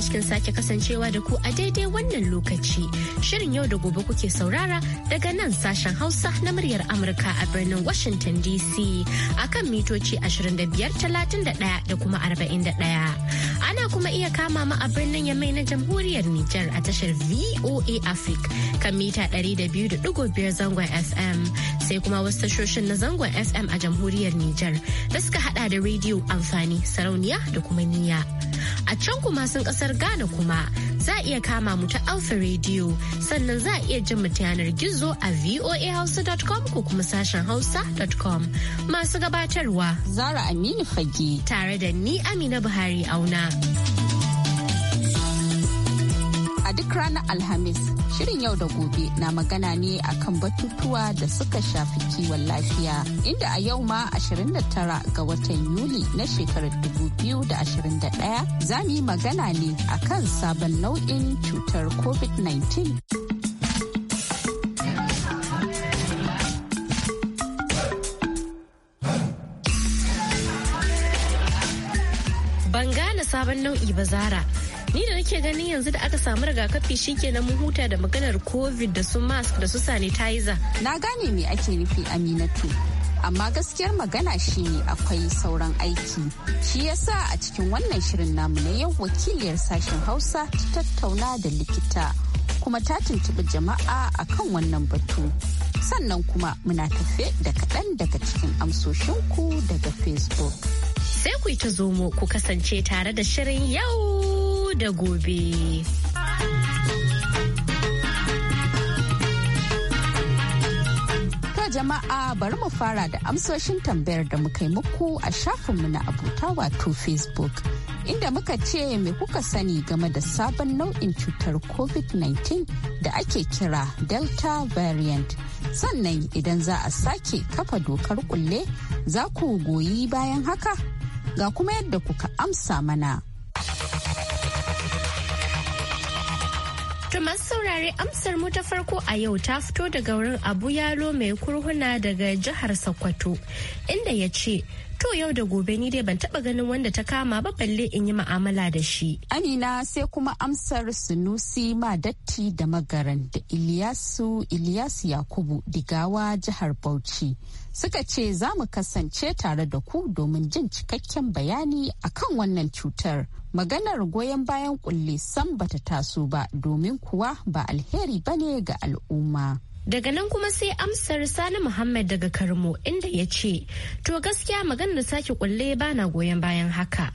cikin sake kasancewa da ku a daidai wannan lokaci. Shirin yau da gobe kuke saurara daga nan sashen Hausa na muryar Amurka a birnin Washington DC a kan mitoci 25,31 da kuma 41. Ana kuma iya kama mu a birnin Yamai na Jamhuriyar Nijar a tashar VOA Africa kan mita 200.5 zangon FM. sai kuma wasu tashoshin na zangon FM a jamhuriyar Nijar da suka hada da rediyo amfani sarauniya da kuma niya. A can kuma sun kasar Ghana kuma za a iya kama mu ta Alfa rediyo sannan za a iya jin mu ta yanar gizo a voahausa.com ko kuma sashen hausa.com. Masu gabatarwa Zara Aminu Fage tare da ni Amina Buhari auna. a duk ranar Alhamis, shirin yau da gobe na magana ne akan batutuwa da suka shafi kiwon lafiya. Inda a yau ma 29 ga watan Yuli na shekarar 2021 za mu yi magana ne akan sabon nau'in cutar COVID-19. sabon nau'i ba ni da nake ganin yanzu da aka samu rigakafi shikenan mun huta da maganar covid da su mask da su sanitizer na gane me ake nufi aminatu amma gaskiyar magana shine akwai sauran aiki shi yasa a cikin wannan shirin namu na yau wakiliyar sashen hausa ta tattauna da likita kuma ta tuntuɓi jama'a a kan wannan batu sannan kuma muna tafe da kaɗan daga cikin amsoshinku daga facebook sai ku yi ta zomo ku kasance tare da shirin yau da gobe. jama'a bari mu fara da amsoshin tambayar da muka yi muku a shafinmu na abota wato facebook inda muka ce me kuka sani game da sabon nau'in cutar covid-19 da ake kira delta variant sannan idan za a sake kafa dokar kulle za ku goyi bayan haka ga kuma yadda kuka amsa mana masu saurare amsar mu ta farko a yau ta fito daga wurin Abu Yalo mai kurhuna daga jihar Sokoto inda ya ce to yau da gobe ni dai ban taba ganin wanda ta kama ba balle in yi ma'amala da shi. Amina sai kuma amsar Sunusi datti da Magaran da Iliyasu Iliyasu Yakubu Digawa jihar Bauchi suka ce za mu kasance tare da ku domin jin cikakken bayani akan wannan cutar. Maganar goyon bayan kulle sam bata taso ba domin kuwa ba alheri bane ga al'umma. Daga nan kuma sai amsar Sani Muhammad daga Karmo inda ya ce, To gaskiya da sake kulle bana goyon bayan haka.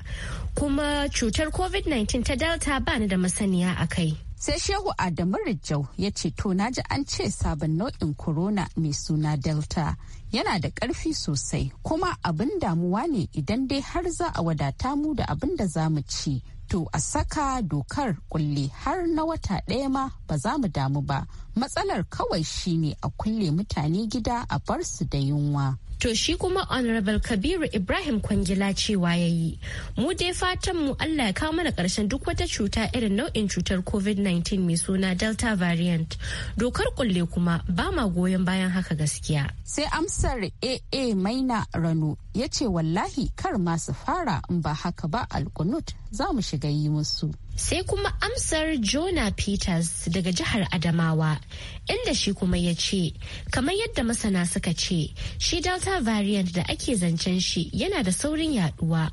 Kuma cutar COVID-19 ta Delta bani da masaniya a kai. sai shehu adamu rijau ya ce to na ji an ce sabon nau'in corona mai suna delta yana da ƙarfi sosai kuma abin damuwa ne idan dai har za a wadata mu da abin da za mu ci to a saka dokar kulle har na wata ɗaya ma ba za mu damu ba matsalar kawai shine a kulle mutane gida a bar su da yunwa To shi kuma Honorable Kabiru Ibrahim Kwangila cewa ya yi, mu dai fatan mu Allah ya kawo mana karshen duk wata cuta irin nau'in cutar COVID-19 mai suna Delta variant. Dokar kulle kuma ba ma goyon bayan haka gaskiya. Sai amsar AA Maina Rano ya ce wallahi kar masu fara in ba haka ba alkunut za mu shiga yi musu. Sai kuma amsar jona Peters daga jihar Adamawa, inda shi kuma ya ce, kamar yadda masana suka ce, shi Delta variant da ake zancen shi yana da saurin yaduwa.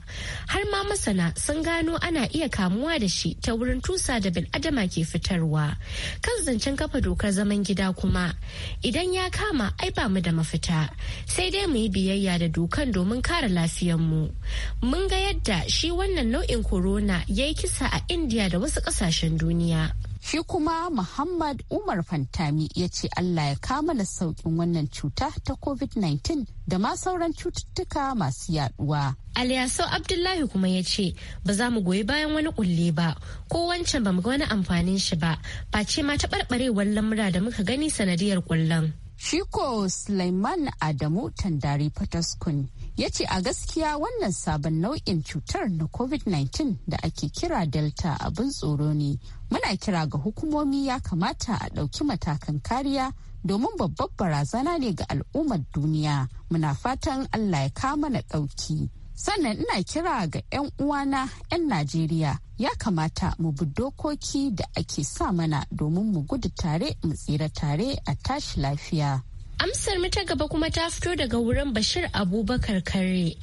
Har ma masana sun gano ana iya kamuwa da shi ta wurin tusa da bin adama ke fitarwa. Kan zancen kafa dokar zaman gida kuma, idan ya kama ai ba mu da mafita, sai dai mu yi biyayya da dokan domin kare lafiyarmu. Mun ga yadda shi wannan nau'in corona ya yi kisa a inda India da wasu kasashen duniya. Shi kuma Muhammad Umar Fantami ya ce Allah ya kamala saukin wannan cuta ta COVID-19 da ma sauran cututtuka masu yaduwa. Aliyasau Abdullahi kuma ya ce ba za mu goyi bayan wani kulle ba ko wancan ba mu ga wani amfanin shi ba face ma ta barbarewar lamura da muka gani sanadiyar kullen. Shiko Sulaiman Adamu Tandari Fataskun ya ce a gaskiya wannan sabon nau'in cutar na covid-19 da ake kira delta abin tsoro ne muna kira ga hukumomi ya kamata a ɗauki matakan kariya domin babbar barazana ne ga al'ummar duniya muna fatan allah ya kama na ɗauki sannan ina kira ga 'yan uwana 'yan najeriya ya kamata mu bi dokoki da ake sa mana domin mu gudu tare mu tsira tare a tashi lafiya Amsar mu ta gaba kuma ta fito daga wurin Bashir Abubakar Kare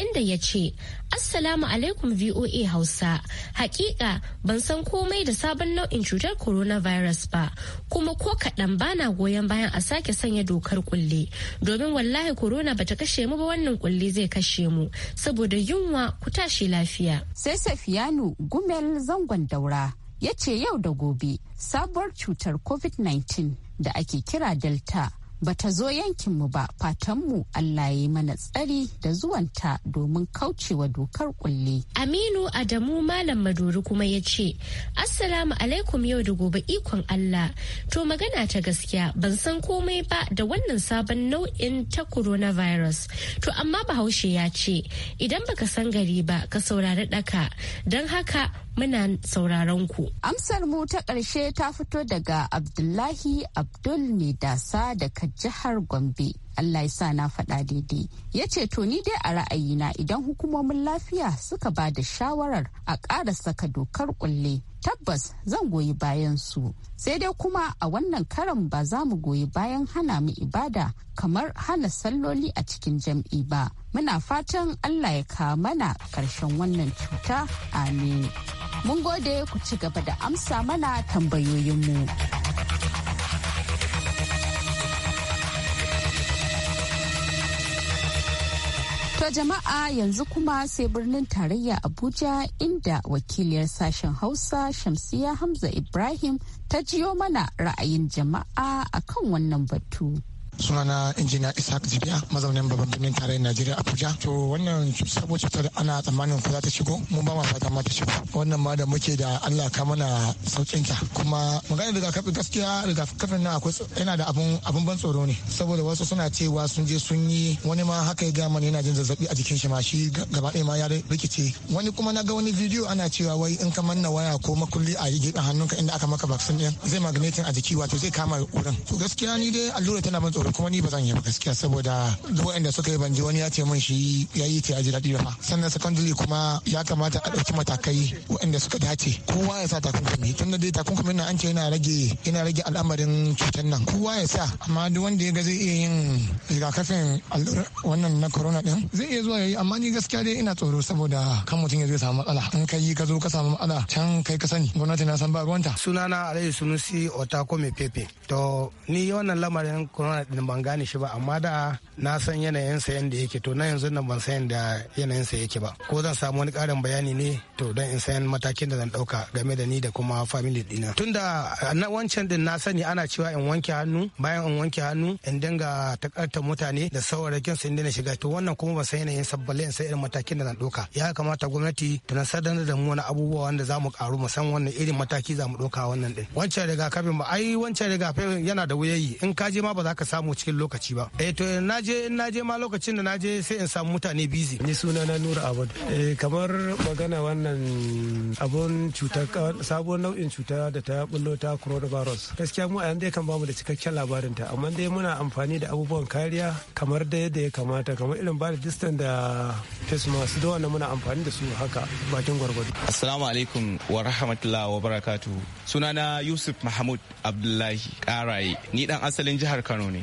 inda ya ce, Assalamu alaikum VOA Hausa. Hakika ban san komai da sabon nau'in cutar coronavirus ba, kuma ko kaɗan bana goyon bayan a sake sanya dokar kulle. Domin wallahi corona bata kashe mu ba wannan kulle zai kashe mu, saboda yunwa ku tashi lafiya. Sai Safiyanu Gumel zangon daura. ya ce yau da gobe sabuwar cutar covid-19 da ake kira delta ba ta zo yankinmu ba fatanmu Allah ya mana tsari da zuwanta domin kaucewa dokar kulle. Aminu Adamu Malam Maduri kuma ya ce, Assalamu alaikum yau da gobe ikon Allah. To magana ta gaskiya ban san komai ba da wannan sabon nau'in ta coronavirus. To amma Bahaushe ya ce, idan baka san gari ba ka saurari daka don haka muna sauraron ku. Amsar mu ta ƙarshe ta fito daga Abdullahi Abdul da sa da kadi. jihar Gombe. Allah ya sa na faɗa daidai. Ya ce to ni dai a ra'ayina idan hukumomin lafiya suka ba da shawarar a ƙara saka dokar kulle tabbas zan goyi bayan su. Sai dai kuma a wannan karan ba za mu goyi bayan hana mu ibada kamar hana salloli a cikin jam'i ba. Muna fatan Allah ya kawo mana ƙarshen wannan cuta. Amin. Mun gode ku ci gaba da amsa mana tambayoyinmu. To jama'a yanzu kuma sai birnin tarayya Abuja inda wakiliyar sashen Hausa Shamsiya Hamza Ibrahim ta jiyo mana ra'ayin jama'a akan wannan batu. sunana injiniya ishaq jibiya mazaunin babban birnin tarayyar najeriya abuja to wannan sabon cutar ana tsammanin ko za ta shigo mun ba ma fata ma ta shigo wannan ma da muke da allah ka mana saukin ta kuma magana kafin gaskiya rigakafin na akwai yana da abun abun ban tsoro ne saboda wasu suna cewa sun je sun yi wani ma haka ya gama yana jin zazzabi a jikin shi ma shi gaba ɗaya ma ya rikice wani kuma na ga wani bidiyo ana cewa wai in ka manna waya ko makulli a yi gefen hannunka inda aka maka vaccine ɗin zai magnetin a jiki wato zai kama wurin to gaskiya ni dai allura tana ban tsoro saboda kuma ni ba zan yi ba gaskiya saboda duk wanda suka yi banji wani ya ce mun shi ya yi ta ji daɗi ba sannan secondary kuma ya kamata a ɗauki matakai wanda suka dace kowa ya sa takunkumi tun da dai takunkumi nan an ce yana rage yana rage al'amarin cutar nan kowa ya sa amma duk wanda ya ga zai iya yin rigakafin wannan na corona din zai iya zuwa yayi amma ni gaskiya dai ina tsoro saboda kan mutum ya zai samu matsala in kai ka zo ka samu matsala can kai ka sani gwamnati na san ba ruwanta sunana alayhi sunusi otako mai pepe to ni wannan lamarin corona ban gane shi ba amma da na san yanayin sa yanda yake to na yanzu nan ban san da yanayin sa yake ba ko zan samu wani karin bayani ne to dan in san matakin da zan dauka game da ni da kuma family dina tunda na wancan din na sani ana cewa in wanke hannu bayan in wanke hannu in dinga takartar mutane da saurakin su na shiga to wannan kuma ba san yanayin sabbale in san irin matakin da zan dauka ya kamata gwamnati ta nasarar da mu wani abubuwa wanda za mu karu mu san wannan irin mataki za mu dauka wannan din wancan rigakafin ba ai wancan rigakafin yana da wuyayi in ka je ma ba za ka samu samu cikin lokaci ba eh to na je na je ma lokacin da na je sai in samu mutane busy ni suna na Nura Abad eh kamar magana wannan abun cutar sabon nau'in cuta da ta bullo ta coronavirus gaskiya mu a yanzu kan bamu da cikakken labarin ta amma dai muna amfani da abubuwan kariya kamar da yadda ya kamata kamar irin ba da distan da face mask da wannan muna amfani da su haka bakin gwargwado assalamu alaikum wa rahmatullahi wa barakatuh. sunana Yusuf Mahmud Abdullahi Karaye ni dan asalin jihar Kano ne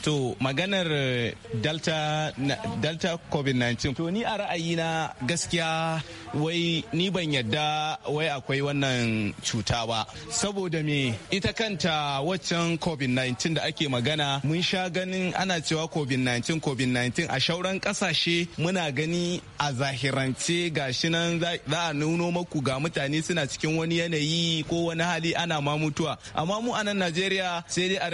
To maganar eh, Delta, Delta COVID-19. To ni a ra'ayina gaskiya wai ni ban yadda wai akwai wannan cuta ba. Saboda me ita kanta waccan COVID-19 da ake magana mun sha ganin ana cewa COVID-19 COVID-19 a shauran kasashe muna gani a zahirance gashi nan za a nuno maku ga mutane suna cikin wani yanayi ko wani hali ana ma mutuwa. Amma mu a nan Najeriya sai dai a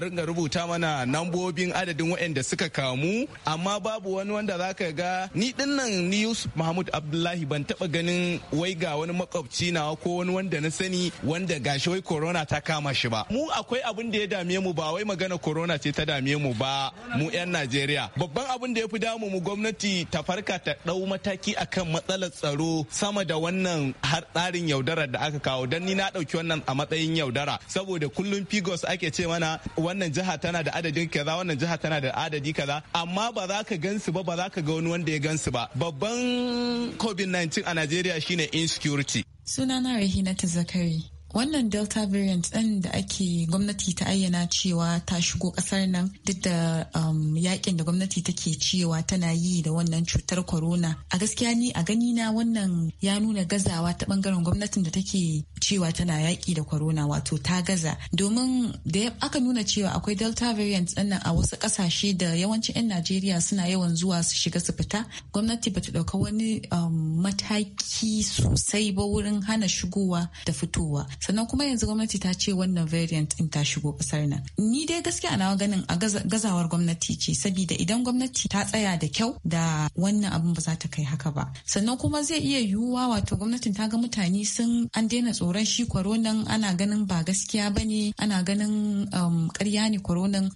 rinka rubuta mana nambobin adadin waɗanda suka kamu amma babu wani wanda za ka ga ni dinnan ni Yusuf Mahmud Abdullahi ban taba ganin wai ga wani makwabci nawa ko wani wanda na sani wanda gashi wai corona ta kama shi ba mu akwai abin da ya dame mu ba wai magana corona ce ta dame mu ba mu yan Najeriya babban abin da ya fi damu mu gwamnati ta farka ta dau mataki akan matsalar tsaro sama da wannan har tsarin yaudarar da aka kawo dan ni na dauki wannan a matsayin yaudara saboda kullum Figos ake ce mana wannan jiha tana da adadin kaza wannan jiha tana da adadi kaza amma ba za ka gansu ba ba za ka ga wani wanda ya gansu ba babban covid-19 a najeriya shine insecurity sunana rahina ta zakari wannan delta variant ɗin da ake gwamnati ta ayyana cewa ta shigo ƙasar nan duk da um, yakin da gwamnati take cewa tana yi da wannan cutar corona a gaskiya ni a gani na wannan ya nuna gazawa ta bangaren gwamnatin da take cewa tana yaƙi da corona wato ta gaza domin da aka nuna cewa akwai delta variant ɗin a wasu ƙasashe da yawancin 'yan najeriya suna yawan zuwa su shiga su fita gwamnati bata ɗauka wani um, mataki sosai ba wurin hana shigowa da fitowa sannan kuma yanzu gwamnati ta ce wannan variant din ta shigo kasar nan ni dai gaskiya na ganin a gazawar gwamnati ce saboda idan gwamnati ta tsaya da kyau da wannan abin ba za ta kai haka ba sannan kuma zai iya yiwuwa wato gwamnatin ta ga mutane sun an daina tsoron shi koronan ana ganin ba gaskiya ba ne ana ganin karya um, ne koronan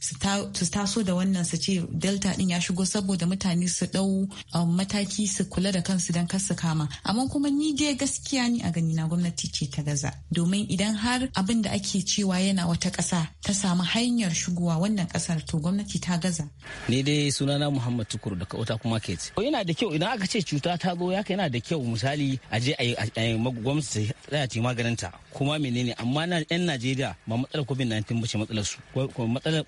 su taso da wannan su ce delta din ya shigo saboda mutane su dau um, mataki su kula da kansu don kar su kama amma kuma ni dai gaskiya ni a gani na gwamnati ce ta gaza domin domin idan har abin da ake cewa yana wata ƙasa ta samu hanyar shigowa wannan ƙasar to gwamnati ta gaza. Ni dai sunana Muhammad Tukur daga wata kuma ke ce. Yana da kyau idan aka ce cuta ta zo ya yana da kyau misali a je a yi gwamnati ta yi maganin ta kuma menene amma na 'yan Najeriya ba matsalar COVID-19 ba ce matsalar su.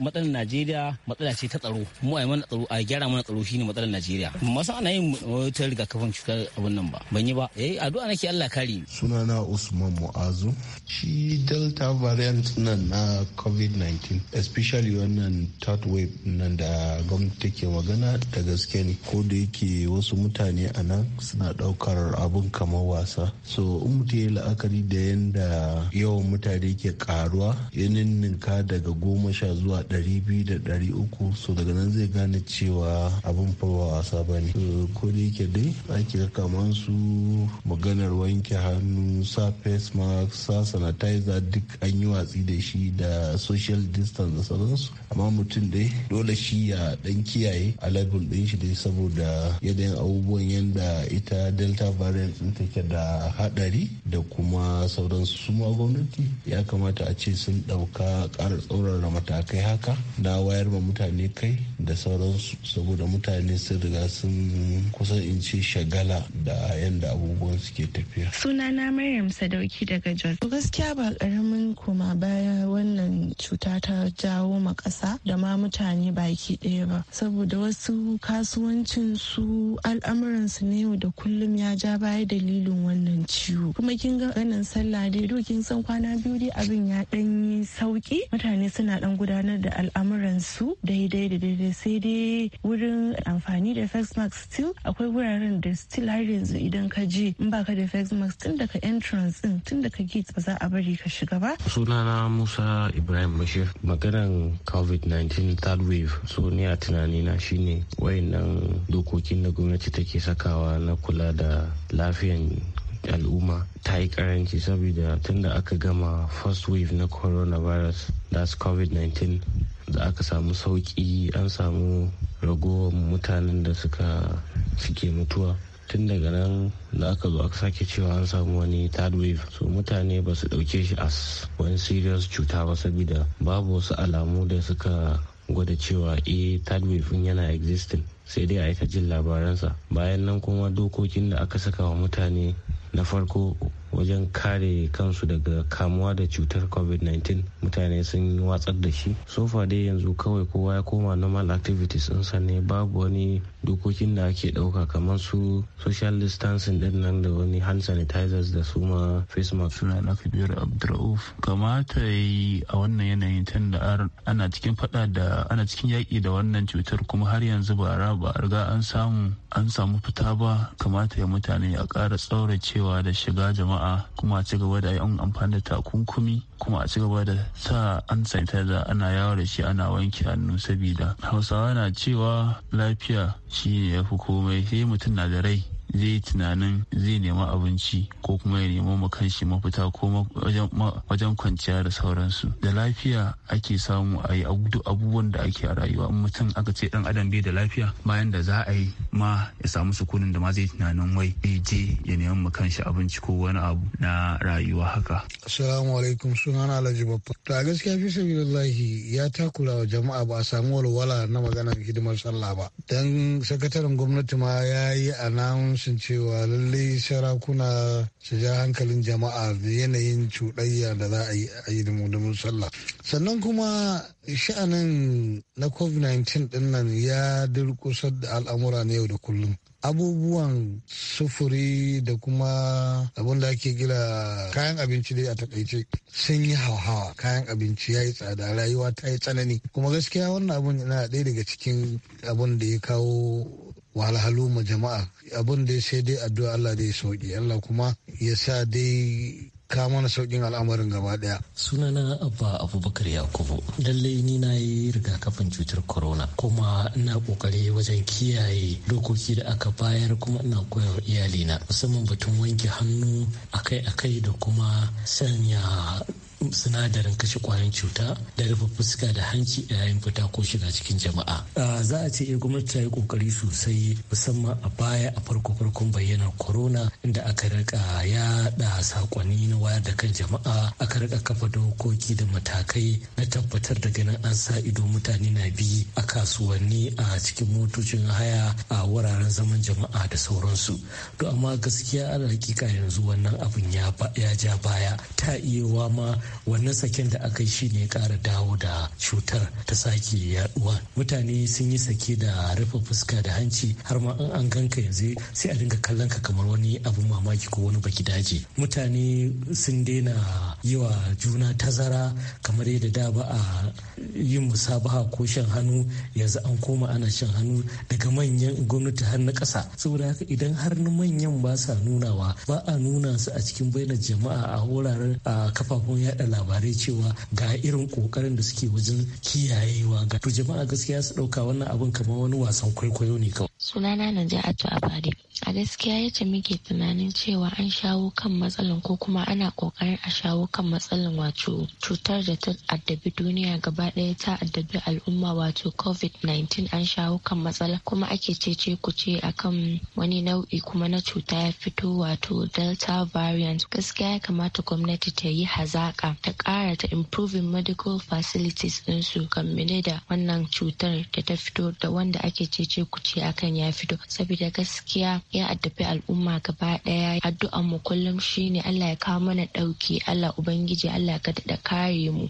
Matsalar Najeriya matsala ce ta tsaro mu a yi mana tsaro a gyara mana tsaro shine matsalar Najeriya. Masa ana yin wata rigakafin cutar abin nan ba ban yi ba eh addu'a nake Allah kare. Sunana Usman Mu'azu shi delta variant nan na covid-19 especially wannan third wave nan da gwamnati ke magana da gaske ne ko da yake wasu mutane a nan suna daukar abun kamar wasa so in mutum ya la'akari da yadda yawan mutane ke karuwa ya ninka daga goma sha zuwa ɗari biyu da ɗari uku so daga nan zai gane cewa abun fa wasa ba ne ko da yake dai ake kamar su maganar wanke hannu sa face mask sa sanitizer duk an yi watsi da shi da social distance da sauransu amma mutum dai dole shi ya dan kiyaye labin din shi dai saboda yadayin abubuwan yadda ita delta variant din take da hadari da kuma sauransu su ma gwamnati ya kamata a ce sun dauka ƙara tsaurara matakai haka na wayar ma mutane kai da sauransu saboda mutane sun riga sun kusan in ce shagala da yadda abubuwan suke tafiya sunana maryam sadauki daga jos gaskiya ba karamin koma baya wannan cuta ta jawo ma da ma mutane baki ɗaya ba saboda wasu kasuwancin su al'amuran su ne yau da kullum ya ja baya dalilin wannan ciwo kuma kin ga ganin sallah dai dokin san kwana biyu dai abin ya ɗan yi sauki mutane suna dan gudanar da al'amuran su daidai da daidai sai dai wurin amfani da face mask still akwai wuraren da still har yanzu idan ka je in baka da face mask tun daga entrance din tun daga gate ba za a bari ka shiga ba? Sunana Musa Ibrahim Bashir maganan COVID-19 third wave so ni a na shine wayannan dokokin da gwamnati take sakawa na kula da lafiyan al'umma ta yi karanci saboda tunda aka gama first wave na coronavirus that's covid-19 da aka samu sauki an samu ragowar mutanen da suka suke mutuwa tun daga nan da aka zo aka sake cewa an samu wani third wave so mutane ba su ɗauke shi as wani serious cuta ba saboda babu wasu alamu da suka gwada cewa eh third wave yana existing sai dai a yi ta jin labaransa bayan nan kuma dokokin da aka saka wa mutane na farko wajen kare kansu daga kamuwa da cutar covid-19 mutane sun watsar da shi sofa dai yanzu kawai kowa ya koma normal activities sa ne babu wani dokokin da ake ɗauka kamar su social distancing din nan da wani hand sanitizers da su ma face mask. Suna na Kabir abdulrauf Kamata yi a wannan yanayin tun da ana cikin fada da ana cikin yaƙi da wannan cutar kuma har yanzu ba a riga an samu an samu fita ba kamata ya mutane a ƙara cewa da shiga jama'a kuma a ci gaba da yin amfani da takunkumi kuma a cigaba da sa an da ana yawo da shi ana wanke hannu saboda hausawa na cewa lafiya shi ne ya fi komai sai mutum na da rai zai tunanin zai nema abinci ko kuma ya nema ma kanshi mafita ko wajen kwanciya da sauransu da lafiya ake samu a yi abubuwan da ake a rayuwa in mutum aka ce dan adam bai da lafiya bayan da za a yi ma ya samu sukunin da ma zai tunanin wai bai je ya nema ma kanshi abinci ko wani abu na rayuwa haka assalamu alaikum sunana alhaji babba to a gaskiya fi sabilillahi ya takura wa jama'a ba a samu walwala na maganar hidimar sallah ba dan sakataren gwamnati ma ya yi announce amshin cewa lallai sarakuna su ja hankalin jama'a da yanayin cuɗayya da za a yi a yi sallah sannan kuma sha'anin na covid-19 din nan ya durkusar da al'amura na yau da kullum abubuwan sufuri da kuma abin da ake gila kayan abinci dai a takaice sun yi hauhawa kayan abinci ya yi tsada rayuwa ta yi tsanani kuma gaskiya wannan abun yana ɗaya daga cikin abun da ya kawo wahalhalu ma jama'a abin da sai dai addu'a Allah da ya sauki Allah kuma ya sa dai ka mana saukin al'amarin gaba daya. sunana abba abubakar yakubu lallai ni na yi rigakafin cutar corona kuma ina kokari wajen kiyaye dokoki da aka bayar kuma ina koyar iyalina musamman batun wanke hannu akai-akai da kuma sanya sinadarin kashe kwayan cuta da rufe fuska da hanci a yayin fita ko shiga cikin jama'a za a ce eh, gwamnati ta yi kokari sosai musamman a baya a farko farkon bayyana corona inda aka rika yaɗa sakonni na wayar da kan jama'a aka rika kafa dokoki da matakai na tabbatar da ganin an sa ido mutane na bi a kasuwanni a cikin motocin haya a wuraren zaman jama'a da sauransu to amma gaskiya ana hakika yanzu wannan abin ya ja baya ta iya ma wannan saken da aka yi shine ya kara dawo da cutar ta sake yaduwa mutane sun yi sake da rufe fuska da hanci har ma an an ganka yanzu sai a dinga kallon ka kamar wani abu mamaki ko wani baki daji mutane sun daina yi wa juna tazara kamar yadda da ba a yin musabaha ko shan hannu yanzu an koma ana shan hannu daga manyan gwamnati har na kasa saboda haka idan har na manyan ba sa nunawa ba a nuna su a cikin bainar jama'a a wuraren a kafafun yada yada labarai cewa ga irin kokarin da suke wajen kiyayewa ga to jama'a gaskiya su dauka wannan abin kamar wani wasan kwaikwayo ne kawai sunana naja'atu abadi a gaskiya yadda muke tunanin cewa an shawo kan matsalan ko kuma ana kokarin a shawo kan matsalan wato cutar da ta addabi duniya gaba ɗaya ta addabi al'umma wato covid-19 an shawo kan matsala kuma ake cece ce akan wani nau'i kuma na cuta ya fito wato delta variant gaskiya ya kamata gwamnati ta yi hazaka ta kara ta improving medical facilities ɗinsu kammile da wannan cutar da ta fito da wanda ake cece kuce akan wannan ya fito saboda gaskiya ya addabi al'umma gaba daya addu'an mu kullum shine Allah ya kawo mana dauki Allah ubangiji Allah ya ka da kare mu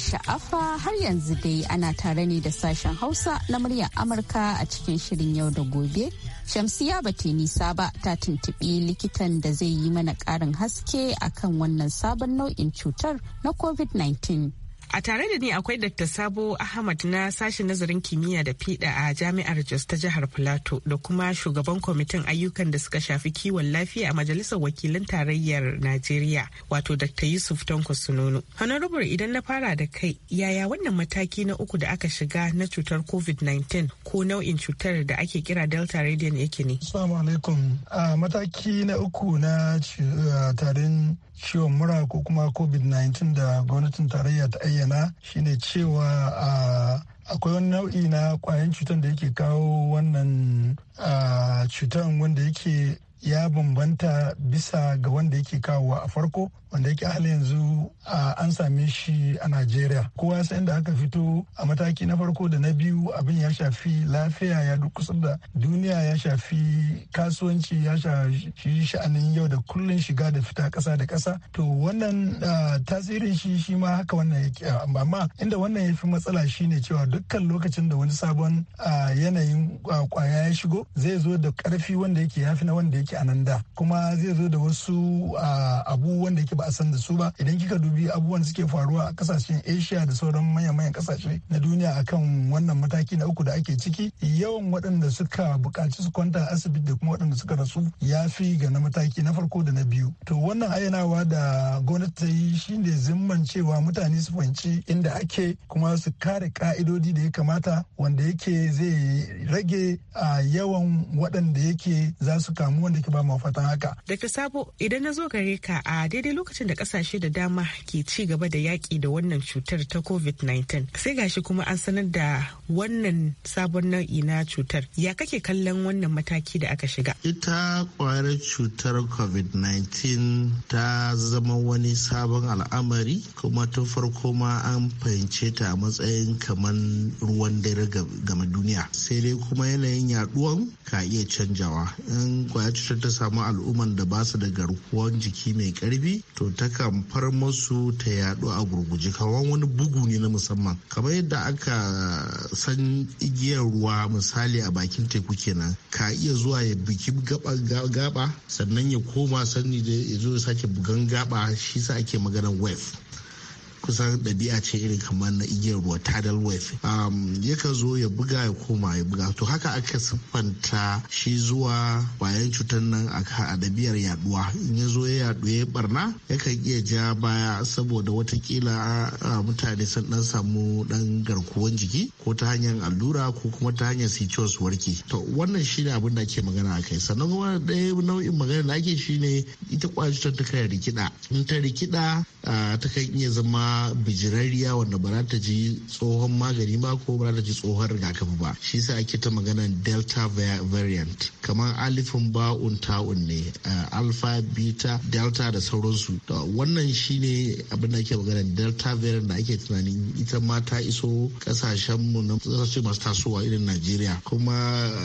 sha'afa har yanzu dai ana tare ne da sashen Hausa na muryar Amurka a cikin shirin yau da gobe. Shamsiya ba ta nisa ba ta tuntuɓi likitan da zai yi mana ƙarin haske akan wannan sabon nau'in cutar na COVID-19. A tare da ni akwai Dr. Sabo Ahmad na sashen nazarin kimiyya da fiɗa a Jami'ar Jos ta jihar Filato da kuma shugaban kwamitin ayyukan da suka shafi kiwon lafiya a Majalisar Wakilan Tarayyar Najeriya wato Dr. Yusuf Tanko Sununu. Honorable idan na fara da kai yaya wannan mataki na uku da aka shiga na cutar COVID-19 ko nau'in cutar da ake kira Delta Radiant yake ne? Assalamu mataki na uku na tarin ciwon mura ko kuma covid-19 da gwamnatin tarayya ta ayyana shine cewa a akwai wani nau'i na kwayan cutan da yake kawo wannan cutar wanda yake ya bambanta bisa ga wanda yake kawowa a farko wanda yake hali yanzu an same shi a najeriya kowa sai da aka fito a mataki na farko da na biyu abin ya shafi lafiya ya dukusar da duniya ya shafi kasuwanci ya shafi sha'anin yau da kullun shiga da fita kasa da kasa to wannan tasirin shi shi ma haka wannan yake amma inda wannan ya fi matsala shine cewa dukkan lokacin da wani sabon yanayin kwaya ya shigo zai zo da karfi wanda yake fi na wanda yake yake a nan da kuma zai zo da wasu abu wanda yake ba a san da su ba idan kika dubi abubuwan suke faruwa a kasashen asia da sauran manya-manyan kasashe na duniya akan wannan mataki na uku da ake ciki yawan waɗanda suka buƙaci su kwanta asibiti da kuma waɗanda suka rasu ya fi ga na mataki na farko da na biyu to wannan ayyanawa da gwamnati ta yi shine zimman cewa mutane su fahimci inda ake kuma su kare ka'idodi da ya kamata wanda yake zai rage a yawan waɗanda yake za su kamu wanda ka ba mu haka. Dr. Sabo idan na zo gare ka a daidai lokacin da kasashe da dama ke ci gaba da yaƙi da wannan cutar ta COVID-19 sai gashi kuma an sanar da wannan sabon nau'i na cutar ya kake kallon wannan mataki da aka shiga. Ita kwayar cutar COVID-19 ta zama wani sabon al'amari kuma ta farko ma an fahimce ta a matsayin kamar ruwan dare game duniya sai dai kuma yanayin yaduwan ka iya canjawa in cutar ta samu al'umman da ba su da garkuwan jiki mai karfi to takan far masu ta yadu a gurguje kawai wani bugu ne na musamman kamar yadda aka san igiyar ruwa misali a bakin teku kenan ka iya zuwa ya biki gaba sannan ya koma sani da ya zo sake bugan gaba shi sa ake maganar wave kusan ɗabi'a ce irin kamar na igiyar ruwa tidal wave um, ka zo ya buga ya koma ya buga to haka aka siffanta shi zuwa bayan cutar nan a ɗabi'ar yaduwa in ya zo ya yaɗu ya barna yakan iya ja baya saboda watakila mutane sun ɗan samu ɗan garkuwan jiki ko ta hanyar allura ko kuma ta hanyar sitios warke to wannan shi ne abin da ake magana a kai sannan kuma ɗaya nau'in magana da ake shi ne ita kwayar cutar ta kan rikida in ta rikida ta kan iya zama kuma bijirariya wanda ba za ta ji tsohon magani ba ko ba za ta ji tsohon rigakafi ba shi yasa ake ta maganar delta variant kamar alifin ba'un ta'un ne eh, alpha beta delta da sauransu wannan shine abin da ake magana delta variant da ake tunanin ita ma ta iso kasashen mu na kasashe masu tasowa irin najeriya kuma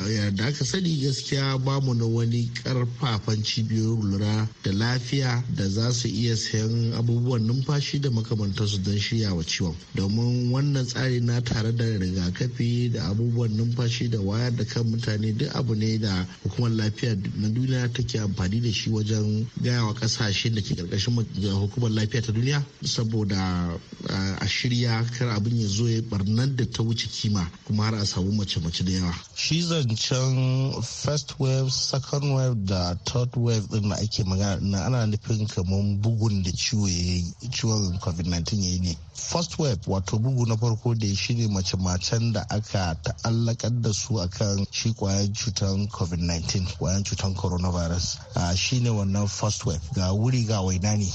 eh, da aka sani gaskiya ba mu na wani karfafan cibiyoyin lura da lafiya da za su iya sayan abubuwan numfashi da makamantan. kansu don shirya wa ciwon domin wannan tsari na tare da rigakafi da abubuwan numfashi da wayar da kan mutane duk abu ne da hukumar lafiya na duniya take amfani da shi wajen gaya wa kasashen da ke karkashin hukumar lafiya ta duniya saboda eh, a shirya kar abin ya zo ya barnar da ta wuce kima kuma har a samu mace-mace da yawa. Shi zancen first wave, second wave da third wave din da ake magana ana nufin kamar bugun da ciwo ya yi ciwon covid-19 mutum ya yi ne first web wato bugu na farko da ya shine mace-macen da aka ta'allakar da su akan shi kwayan cutan covid-19 kwayan cutan coronavirus a shi ne wannan first web ga wuri ga waina ne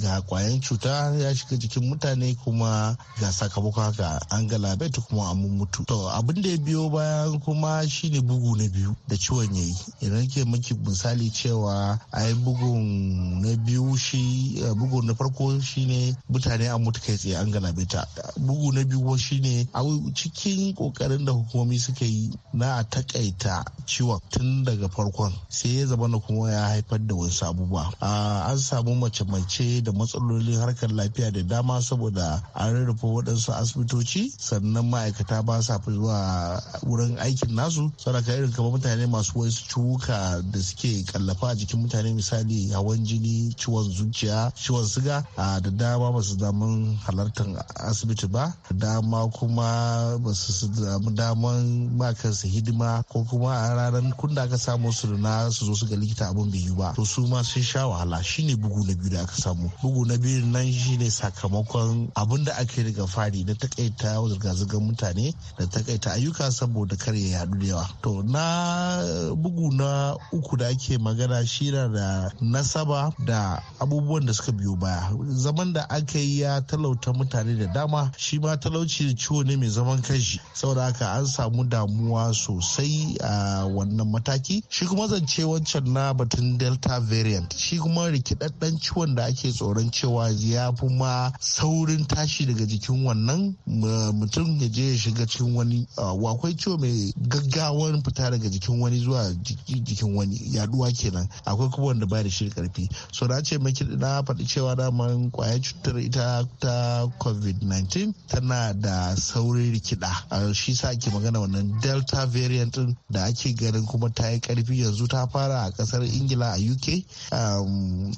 ga kwayan cuta ya shiga jikin mutane kuma ga sakamakon haka an labeta kuma an mutu to abin da ya biyo bayan kuma shine bugu na biyu da ciwon yayi idan ke maki misali cewa ai bugun na biyu shi eh, bugun na farko shine mutane ne an mutu kai tsaye an gana ta bugu na biyu shine a cikin kokarin da hukumomi suka yi na a takaita ciwon tun daga farkon sai ya zama na kuma ya haifar da wasu abubuwa an samu mace mace da matsalolin harkar lafiya da dama saboda an rarrafa waɗansu asibitoci sannan ma'aikata ba sa zuwa wurin aikin nasu saraka irin kamar mutane masu wasu ciwuka da suke kallafa a jikin mutane misali hawan jini ciwon zuciya ciwon siga da dama masu su samun halartar asibiti ba dama kuma ba su samu daman ba kansu hidima ko kuma a ranar kunda aka samu su na su zo su ga likita abin bai yi ba to su ma sun sha wahala shine bugu na biyu da aka samu bugu na biyu nan shine sakamakon abin da aka yi daga fari na takaita zirga-zirgar mutane da takaita ayyuka saboda kar ya yaɗu da yawa to na bugu na uku da ake magana shi da nasaba da abubuwan da suka biyo baya zaman da aka yi ya talauta mutane da dama shi ma talauci ciwo ne mai zaman kanshi saboda haka an samu damuwa sosai a wannan mataki shi kuma zance wancan na batun delta variant shi kuma rikidaddan ciwon da ake tsoron cewa ya fi ma saurin tashi daga jikin wannan mutum ya je ya shiga cikin wani akwai ciwo mai gaggawan fita daga jikin wani zuwa jikin wani yaduwa kenan akwai kuma wanda baya da shi karfi so na ce maki na faɗi cewa daman kwayar cutar ita ta covid-19 tana da saurin rikida shi sa ake magana wannan delta variant da ake ganin kuma ta yi karfi yanzu ta fara a kasar ingila a uk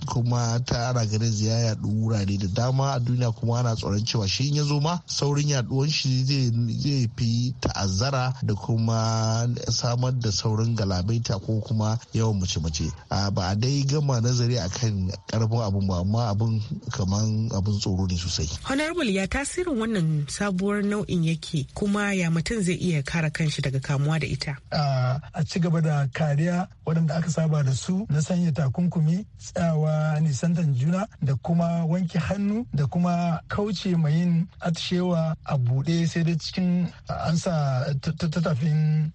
kuma ta ana ganin ziyara yaɗu wurare da dama a duniya kuma ana tsoron cewa shi ya zo ma saurin yaduwan shi zai fi ta'azzara da kuma samar da saurin galabaita ko kuma yawan mace-mace ba a dai gama nazari akan karfin abin ba amma abin kamar abin tsoro ne sosai. Honorable ya tasirin wannan sabuwar nau'in yake kuma ya mutum zai iya kare kanshi daga kamuwa da ita. A ci gaba da kariya waɗanda aka saba da su na sanya takunkumi tsawa nisantan juna da kuma wanke hannu da kuma kauce mai yin atishewa a buɗe sai dai cikin ansa ta tattafin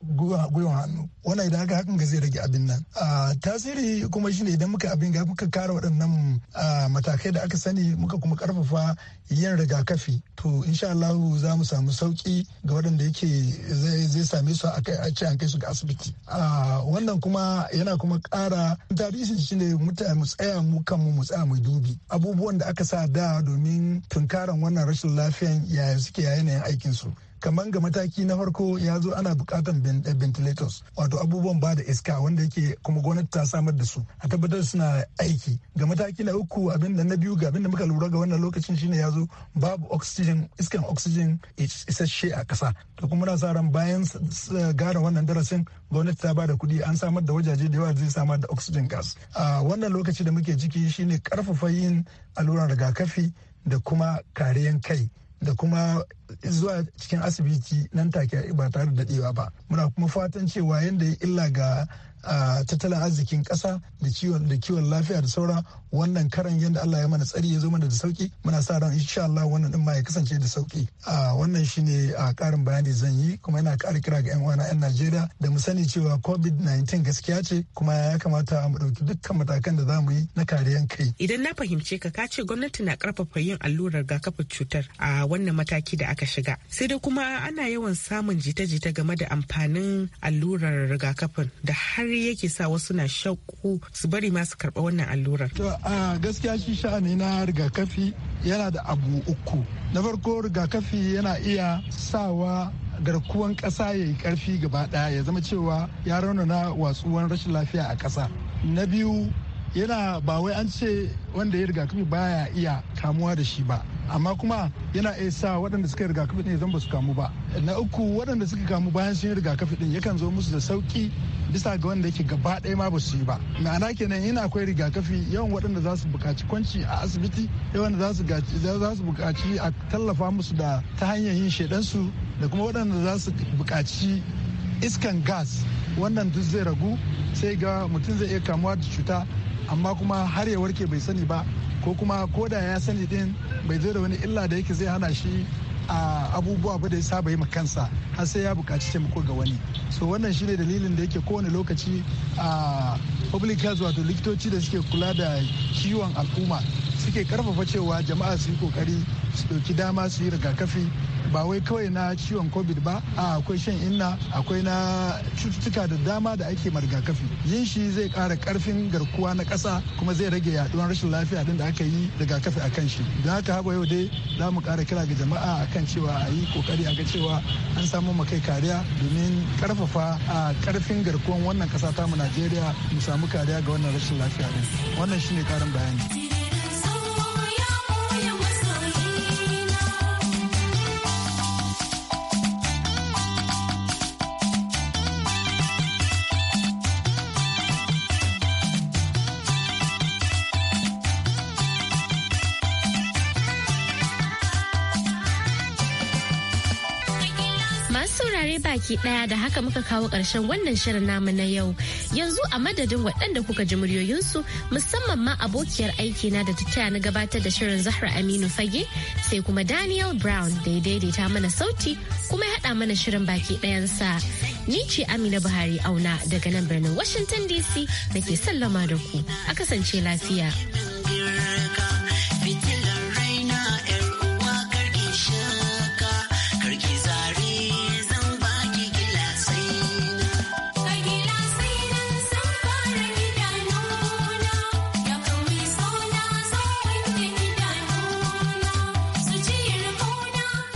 gwiwan hannu. Wannan idan aka hakan ga zai rage abin nan. Tasiri kuma shine idan muka abin ga muka kare waɗannan matakai da aka sani muka kuma karfafa cewa yin rigakafi to insha Allah za mu samu sauki ga waɗanda yake zai same su a ce an kai su ga asibiti wannan kuma yana kuma ƙara tarihi shi ne mutane mu tsaya mu kanmu mu tsaya mu dubi abubuwan da aka sa da domin tunkaran wannan rashin lafiyan yaya suke yayin aikin su kamar ga mataki na farko ya zo ana bukatan eh, ventilators wato abubuwan ba da iska wanda yake kuma gwamnati ta samar da su a tabbatar suna aiki ga mataki na uku abin da na biyu ga abin da muka lura ga wannan lokacin shine ya zo babu oxygen iskan oxygen isasshe a kasa to kuma na sa ran bayan gara wannan darasin gwamnati ta ba da kuɗi an samar da wajaje da yawa zai samar da oxygen gas a wannan lokaci da muke ciki shine karfafa yin alluran rigakafi da kuma kariyan kai da kuma zuwa cikin asibiti nan take ba tare da daɗewa ba muna kuma fatan cewa yadda ya illa ga a tattalin arzikin ƙasa da kiwon lafiya da saura wannan karan yadda Allah ya mana tsari ya zo mana da sauki muna sa ran insha Allah wannan din ma ya kasance da sauki a wannan shine a karin bayani zan yi kuma yana ƙara kira ga yan uwana yan Najeriya da mu sani cewa COVID-19 gaskiya ce kuma ya kamata mu ɗauki dukkan matakan da za mu yi na kariyan kai idan na fahimce ka ka ce gwamnati na karfafa yin allurar rigakafin cutar a wannan mataki da aka aka shiga sai dai kuma ana yawan samun jita-jita game da amfanin allurar rigakafin da har yake sa wasu na shakku su bari masu su karɓa wannan allurar to a gaskiya shi sha'ani na rigakafi yana da abu uku na farko rigakafi yana iya sawa garkuwan ƙasa ya yi ƙarfi gaba ɗaya ya zama cewa ya raunana watsuwan rashin lafiya a ƙasa na biyu yana ba wai an ce wanda ya rigakafi baya iya kamuwa da shi ba amma kuma yana iya sa waɗanda suka rigakafi ɗin idan ba su kamu ba na uku waɗanda suka kamu bayan sun yi rigakafi ɗin yakan zo musu da sauki bisa ga wanda yake gaba ɗaya ma ba su yi ba ma'ana kenan yana akwai rigakafi yawan waɗanda za su buƙaci kwanci a asibiti yawan za su buƙaci a tallafa musu da ta hanyar yin shaidansu da kuma waɗanda za su buƙaci iskan gas wannan duk zai ragu sai ga mutum zai iya kamuwa da cuta amma kuma har ya warke bai sani ba ko kuma ko da ya sani din bai zo da wani illa da yake zai hana shi a abubuwa ba da ya saba yi ma kansa har sai ya bukaci taimako ga wani so wannan shine dalilin da yake kowane lokaci a public health wato likitoci da suke kula da kiwon al'umma suke karfafa cewa jama'a su yi kokari su ɗauki dama su yi rigakafi ba wai kawai na ciwon covid ba a akwai shan inna akwai na cututtuka da dama da ake rigakafi yin shi zai kara karfin garkuwa na ƙasa kuma zai rage yaduwar rashin lafiya din da aka yi rigakafi a kan shi don haka haɓa yau dai za mu ƙara kira ga jama'a a kan cewa a yi kokari a ga cewa an samu mu kai kariya domin karfafa a ƙarfin garkuwan wannan ƙasa mu najeriya mu samu kariya ga wannan rashin lafiya din wannan shine karin bayani. saurare baki ɗaya da haka muka kawo ƙarshen wannan shirin namu na yau. Yanzu a madadin waɗanda kuka ji muryoyinsu musamman ma abokiyar aiki na da ta na gabatar da shirin Zahra Aminu Fage sai kuma Daniel Brown da ya daidaita mana sauti kuma ya haɗa mana shirin baki ɗayansa. Ni ce Amina Buhari auna daga nan birnin Washington DC da ke sallama da ku. A kasance lafiya.